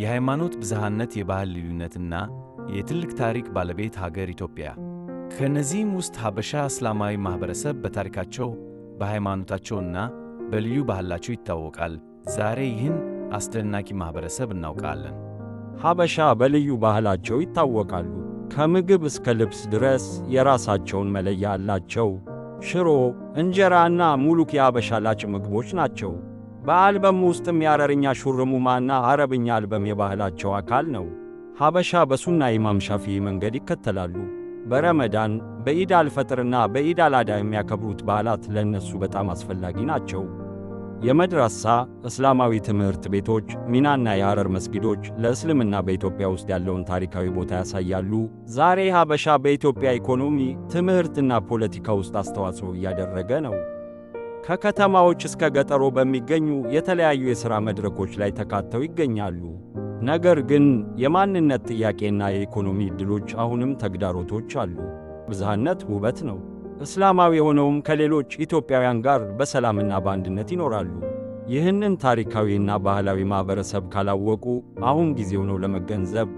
የሃይማኖት ብዝሃነት፣ የባህል ልዩነትና የትልቅ ታሪክ ባለቤት ሀገር ኢትዮጵያ። ከእነዚህም ውስጥ ሀበሻ እስላማዊ ማኅበረሰብ በታሪካቸው በሃይማኖታቸውና በልዩ ባህላቸው ይታወቃል። ዛሬ ይህን አስደናቂ ማኅበረሰብ እናውቃለን። ሀበሻ በልዩ ባህላቸው ይታወቃሉ። ከምግብ እስከ ልብስ ድረስ የራሳቸውን መለያ አላቸው። ሽሮ፣ እንጀራና ሙሉክ የሀበሻ ላጭ ምግቦች ናቸው። በአልበም ውስጥም የአረርኛ ሹርሙማና አረብኛ አልበም የባህላቸው አካል ነው። ሐበሻ በሱና ኢማም ሻፊ መንገድ ይከተላሉ። በረመዳን በኢድ አልፈጥርና በኢድ አላዳ የሚያከብሩት በዓላት ለእነሱ በጣም አስፈላጊ ናቸው። የመድራሳ እስላማዊ ትምህርት ቤቶች ሚናና የሐረር መስጊዶች ለእስልምና በኢትዮጵያ ውስጥ ያለውን ታሪካዊ ቦታ ያሳያሉ። ዛሬ ሐበሻ በኢትዮጵያ ኢኮኖሚ፣ ትምህርትና ፖለቲካ ውስጥ አስተዋጽኦ እያደረገ ነው። ከከተማዎች እስከ ገጠሮ በሚገኙ የተለያዩ የሥራ መድረኮች ላይ ተካተው ይገኛሉ። ነገር ግን የማንነት ጥያቄና የኢኮኖሚ ዕድሎች አሁንም ተግዳሮቶች አሉ። ብዝሃነት ውበት ነው። እስላማዊ የሆነውም ከሌሎች ኢትዮጵያውያን ጋር በሰላምና በአንድነት ይኖራሉ። ይህንን ታሪካዊና ባህላዊ ማኅበረሰብ ካላወቁ አሁን ጊዜው ነው ለመገንዘብ